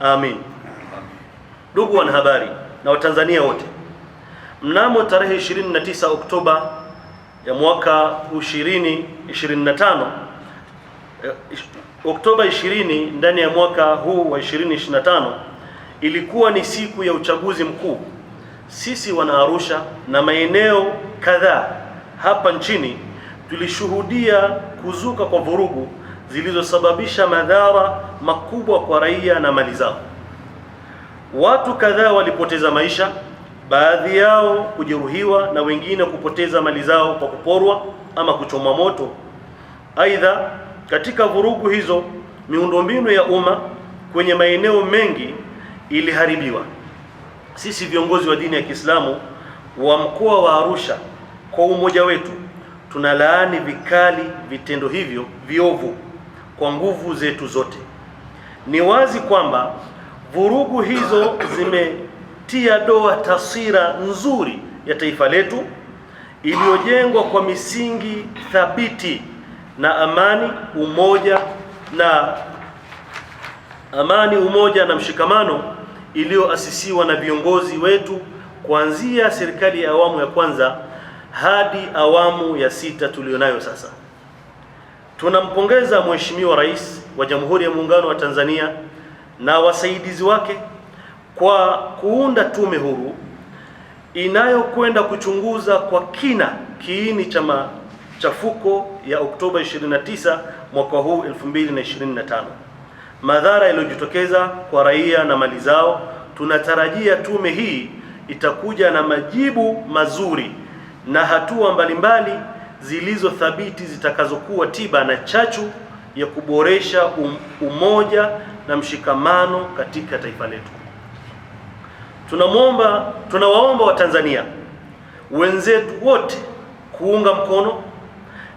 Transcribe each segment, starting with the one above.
Amin. Ndugu wanahabari na Watanzania wote, mnamo tarehe 29 Oktoba ya mwaka 2025 eh, Oktoba 20 ndani ya mwaka huu wa 2025 ilikuwa ni siku ya uchaguzi mkuu. Sisi wanaarusha na maeneo kadhaa hapa nchini tulishuhudia kuzuka kwa vurugu zilizosababisha madhara makubwa kwa raia na mali zao. Watu kadhaa walipoteza maisha, baadhi yao kujeruhiwa na wengine kupoteza mali zao kwa kuporwa ama kuchomwa moto. Aidha, katika vurugu hizo miundombinu ya umma kwenye maeneo mengi iliharibiwa. Sisi viongozi wa dini ya Kiislamu wa mkoa wa Arusha kwa umoja wetu tunalaani vikali vitendo hivyo viovu kwa nguvu zetu zote. Ni wazi kwamba vurugu hizo zimetia doa taswira nzuri ya taifa letu iliyojengwa kwa misingi thabiti na amani, umoja na amani, umoja na mshikamano iliyoasisiwa na viongozi wetu kuanzia serikali ya awamu ya kwanza hadi awamu ya sita tuliyonayo sasa. Tunampongeza Mheshimiwa Rais wa Jamhuri ya Muungano wa Tanzania na wasaidizi wake kwa kuunda tume huru inayokwenda kuchunguza kwa kina kiini cha machafuko ya Oktoba 29 mwaka huu 2025, madhara yaliyojitokeza kwa raia na mali zao. Tunatarajia tume hii itakuja na majibu mazuri na hatua mbalimbali zilizo thabiti zitakazokuwa tiba na chachu ya kuboresha um-, umoja na mshikamano katika taifa letu. Tunamwomba, tunawaomba Watanzania wenzetu wote kuunga mkono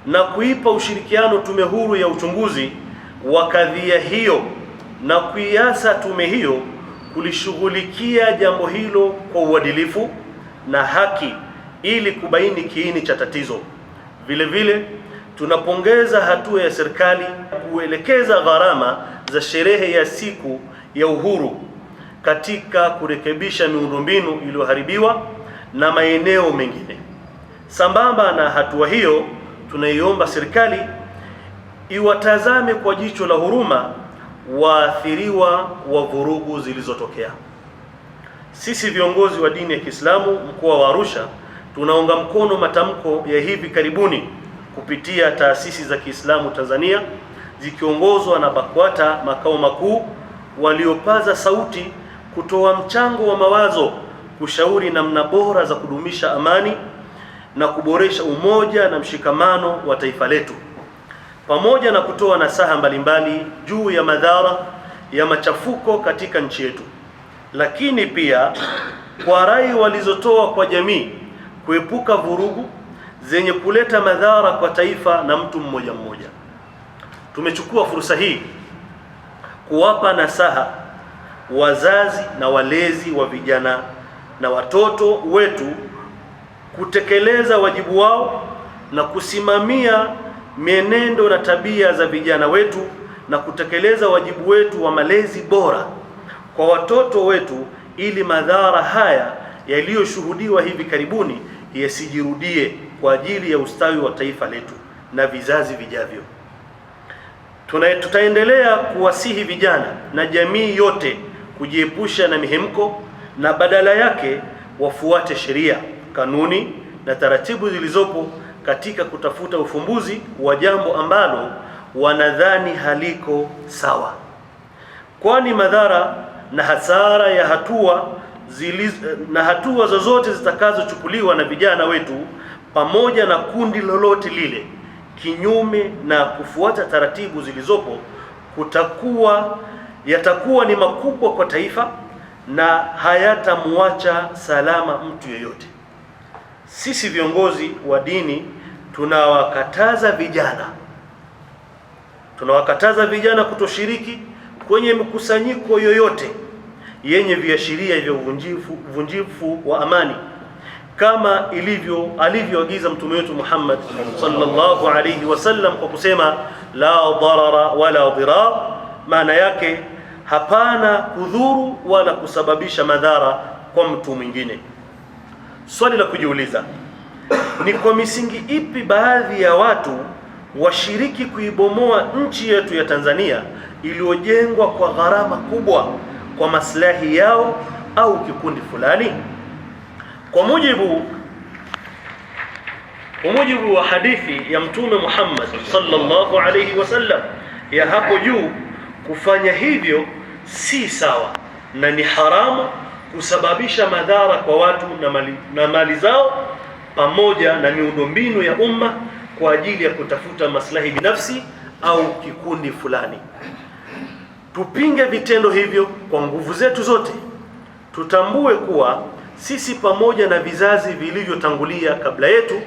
na kuipa ushirikiano tume huru ya uchunguzi wa kadhia hiyo na kuiasa tume hiyo kulishughulikia jambo hilo kwa uadilifu na haki ili kubaini kiini cha tatizo. Vile vile tunapongeza hatua ya serikali kuelekeza gharama za sherehe ya siku ya uhuru katika kurekebisha miundombinu iliyoharibiwa na maeneo mengine. Sambamba na hatua hiyo, tunaiomba serikali iwatazame kwa jicho la huruma waathiriwa wa vurugu zilizotokea. Sisi viongozi wa dini ya Kiislamu mkoa wa Arusha tunaunga mkono matamko ya hivi karibuni kupitia taasisi za Kiislamu Tanzania zikiongozwa na BAKWATA makao makuu, waliopaza sauti kutoa mchango wa mawazo kushauri namna bora za kudumisha amani na kuboresha umoja na mshikamano wa taifa letu, pamoja na kutoa nasaha mbalimbali juu ya madhara ya machafuko katika nchi yetu, lakini pia kwa rai walizotoa kwa jamii kuepuka vurugu zenye kuleta madhara kwa taifa na mtu mmoja mmoja. Tumechukua fursa hii kuwapa nasaha wazazi na walezi wa vijana na watoto wetu kutekeleza wajibu wao na kusimamia mienendo na tabia za vijana wetu na kutekeleza wajibu wetu wa malezi bora kwa watoto wetu ili madhara haya yaliyoshuhudiwa hivi karibuni yasijirudie kwa ajili ya ustawi wa taifa letu na vizazi vijavyo. Tuna, tutaendelea kuwasihi vijana na jamii yote kujiepusha na mihemko na badala yake wafuate sheria, kanuni na taratibu zilizopo katika kutafuta ufumbuzi wa jambo ambalo wanadhani haliko sawa, kwani madhara na hasara ya hatua ziliz, na hatua zozote zitakazochukuliwa na vijana wetu pamoja na kundi lolote lile kinyume na kufuata taratibu zilizopo kutakuwa yatakuwa ni makubwa kwa taifa na hayatamwacha salama mtu yeyote. Sisi viongozi wa dini tunawakataza vijana tunawakataza vijana kutoshiriki kwenye mkusanyiko yoyote yenye viashiria vya uvunjifu uvunjifu wa amani kama ilivyo alivyoagiza mtume wetu Muhammad sallallahu alayhi wasallam kwa kusema la darara wala dirar, maana yake hapana kudhuru wala kusababisha madhara kwa mtu mwingine. Swali la kujiuliza ni kwa misingi ipi baadhi ya watu washiriki kuibomoa nchi yetu ya Tanzania iliyojengwa kwa gharama kubwa kwa maslahi yao au kikundi fulani kwa mujibu kwa mujibu wa hadithi ya Mtume Muhammad sallallahu alayhi wasallam ya hapo juu, kufanya hivyo si sawa na ni haramu, kusababisha madhara kwa watu na mali, na mali zao pamoja na miundombinu ya umma kwa ajili ya kutafuta maslahi binafsi au kikundi fulani. Tupinge vitendo hivyo kwa nguvu zetu zote. Tutambue kuwa sisi pamoja na vizazi vilivyotangulia kabla yetu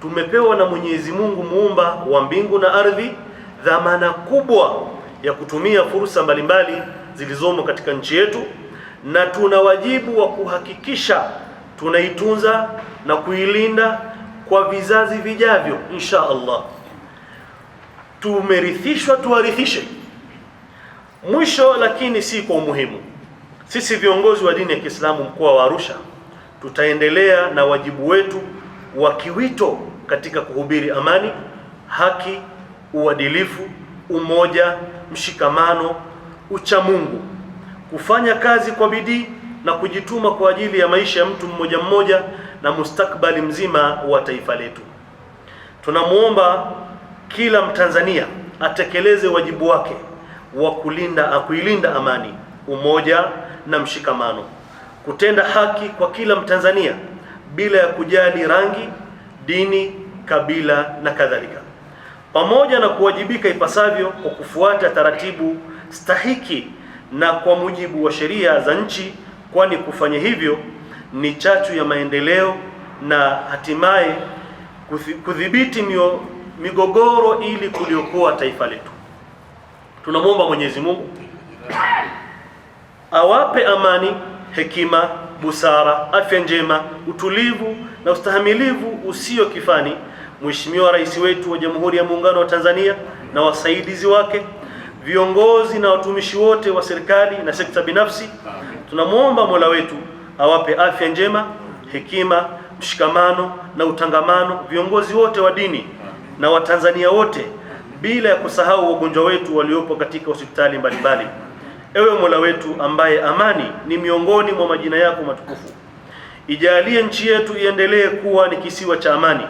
tumepewa na Mwenyezi Mungu muumba wa mbingu na ardhi dhamana kubwa ya kutumia fursa mbalimbali zilizomo katika nchi yetu, na tuna wajibu wa kuhakikisha tunaitunza na kuilinda kwa vizazi vijavyo, insha Allah. Tumerithishwa, tuwarithishe Mwisho lakini si kwa umuhimu, sisi viongozi wa dini ya Kiislamu mkoa wa Arusha tutaendelea na wajibu wetu wa kiwito katika kuhubiri amani, haki, uadilifu, umoja, mshikamano, uchamungu, kufanya kazi kwa bidii na kujituma kwa ajili ya maisha ya mtu mmoja mmoja na mustakbali mzima wa taifa letu. Tunamwomba kila Mtanzania atekeleze wajibu wake wa kulinda kuilinda amani, umoja na mshikamano, kutenda haki kwa kila Mtanzania bila ya kujali rangi, dini, kabila na kadhalika, pamoja na kuwajibika ipasavyo kwa kufuata taratibu stahiki na kwa mujibu wa sheria za nchi, kwani kufanya hivyo ni chachu ya maendeleo na hatimaye kudhibiti migogoro ili kuliokoa taifa letu. Tunamwomba Mwenyezi Mungu awape amani, hekima, busara, afya njema, utulivu na ustahamilivu usio kifani Mheshimiwa Rais wetu wa Jamhuri ya Muungano wa Tanzania na wasaidizi wake, viongozi na watumishi wote wa serikali na sekta binafsi. Tunamwomba Mola wetu awape afya njema, hekima, mshikamano na utangamano viongozi wote wa dini na Watanzania wote bila ya kusahau wagonjwa wetu waliopo katika hospitali mbalimbali. Ewe Mola wetu ambaye amani ni miongoni mwa majina yako matukufu, ijalie nchi yetu iendelee kuwa ni kisiwa cha amani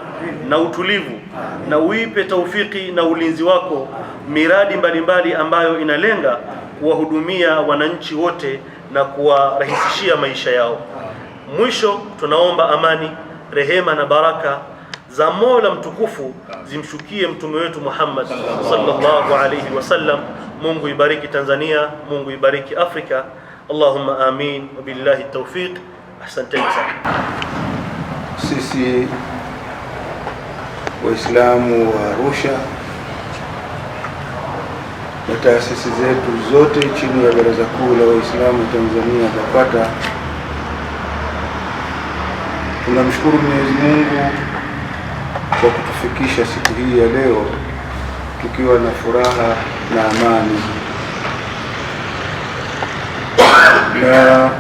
na utulivu, na uipe taufiki na ulinzi wako miradi mbalimbali ambayo inalenga kuwahudumia wananchi wote na kuwarahisishia maisha yao. Mwisho tunaomba amani, rehema na baraka za Mola mtukufu zimshukie mtume wetu Muhammad sallallahu alayhi wasallam. Mungu ibariki Tanzania, Mungu ibariki Afrika. Allahumma amin, wa billahi tawfiq. Asanteni sana. Sisi Waislamu wa Arusha na taasisi zetu zote chini ya Baraza Kuu la Waislamu Tanzania BAKWATA tunamshukuru Mwenyezi Mungu kwa kutufikisha siku hii ya leo tukiwa na furaha na amani, na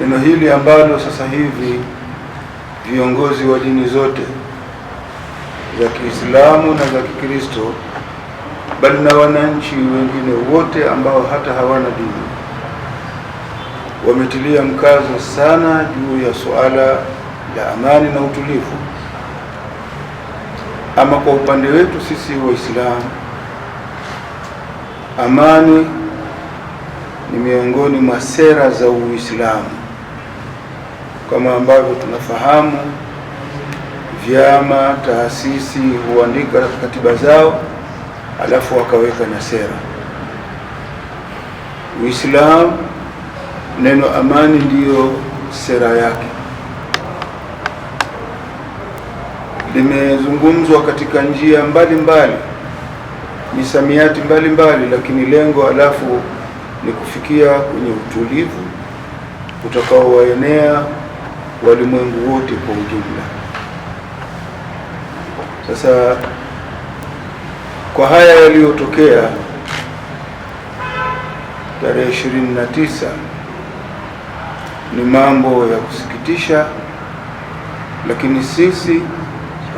neno hili ambalo sasa hivi viongozi wa dini zote za Kiislamu na za Kikristo bali na wananchi wengine wote ambao hata hawana dini wametilia mkazo sana juu ya suala la amani na utulivu ama kwa upande wetu sisi Waislamu, amani ni miongoni mwa sera za Uislamu. Kama ambavyo tunafahamu, vyama, taasisi huandika katiba zao alafu wakaweka na sera. Uislamu neno amani ndiyo sera yake. limezungumzwa katika njia mbalimbali, misamiati mbalimbali, lakini lengo alafu ni kufikia kwenye utulivu utakaowaenea walimwengu wote kwa ujumla. Sasa kwa haya yaliyotokea tarehe ishirini na tisa ni mambo ya kusikitisha, lakini sisi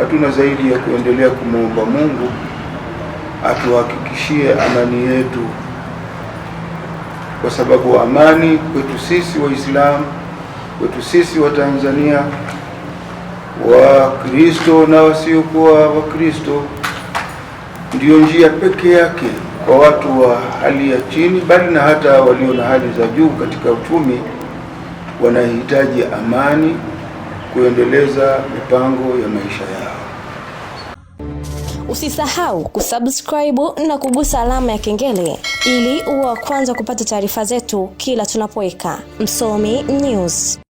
hatuna zaidi ya kuendelea kumwomba Mungu atuhakikishie amani yetu, kwa sababu amani kwetu sisi Waislamu, kwetu sisi wa Tanzania, Wakristo na wasiokuwa Wakristo, ndiyo njia pekee yake kwa watu wa hali ya chini, bali na hata walio na hali za juu katika uchumi, wanahitaji amani kuendeleza mipango ya maisha yao. Usisahau kusubscribe na kugusa alama ya kengele ili uwe wa kwanza kupata taarifa zetu kila tunapoweka Msomi News.